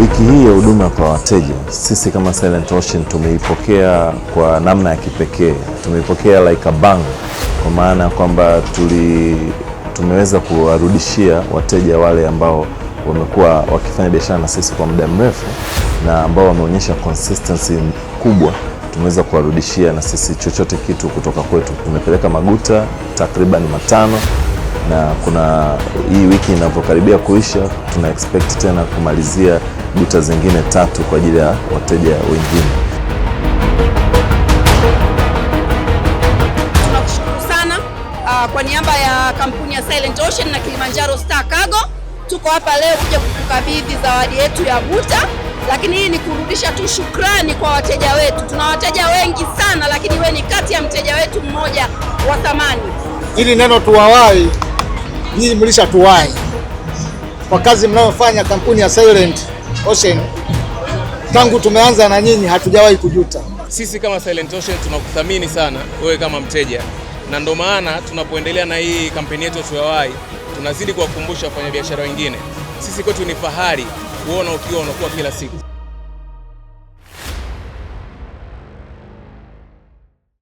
Wiki hii ya huduma kwa wateja, sisi kama Silent Ocean tumeipokea kwa namna ya kipekee. Tumeipokea like a bang, kwa maana ya kwamba tuli tumeweza kuwarudishia wateja wale ambao wamekuwa wakifanya biashara na sisi kwa muda mrefu na ambao wameonyesha consistency kubwa tumeweza kuwarudishia na sisi chochote kitu kutoka kwetu. Tumepeleka maguta takriban matano na kuna hii wiki inavyokaribia kuisha, tuna expect tena kumalizia guta zingine tatu kwa ajili ya wateja wengine. Tunakushukuru sana uh, kwa niaba ya kampuni ya Silent Ocean na Kilimanjaro Star Cargo tuko hapa leo kuja kukukabidhi zawadi yetu ya guta, lakini hii ni kurudisha tu shukrani kwa wateja wetu. Tuna wateja wengi sana, lakini we ni kati ya mteja wetu mmoja wa thamani. Hili neno tuwawai nyinyi mlishatuwahi kwa kazi mnayofanya kampuni ya Silent Ocean. Tangu tumeanza na nyinyi hatujawahi kujuta. Sisi kama Silent Ocean tunakuthamini sana wewe kama mteja, na ndo maana tunapoendelea na hii kampeni yetu ya tunazidi kuwakumbusha wafanyabiashara wengine, sisi kwetu ni fahari kuona ukiwa unakuwa kila siku.